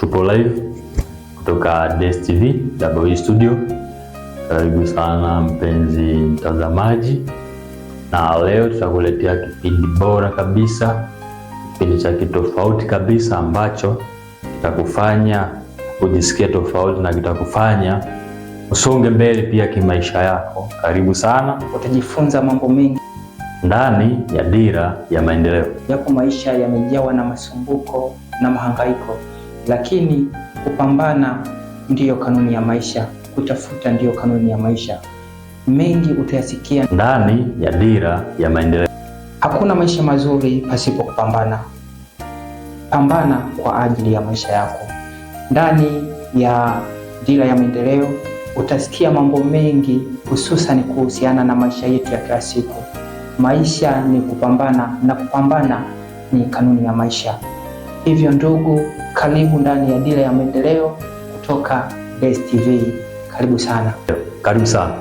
Tupo live kutoka DStv WE Studio. Karibu sana mpenzi mtazamaji, na leo tutakuletea kipindi bora kabisa, kipindi cha kitofauti kabisa ambacho kitakufanya ujisikie tofauti na kitakufanya usonge mbele pia kimaisha yako. Karibu sana, utajifunza mambo mengi ndani ya Dira ya Maendeleo. Yako maisha yamejawa na masumbuko na mahangaiko lakini kupambana ndiyo kanuni ya maisha, kutafuta ndiyo kanuni ya maisha. Mengi utayasikia ndani ya Dira ya Maendeleo. Hakuna maisha mazuri pasipo kupambana. Pambana kwa ajili ya maisha yako. Ndani ya Dira ya Maendeleo utasikia mambo mengi, hususan kuhusiana na maisha yetu ya kila siku. Maisha ni kupambana, na kupambana ni kanuni ya maisha. Hivyo ndugu, karibu ndani ya Dira ya Maendeleo kutoka Best TV. Karibu sana, karibu sana.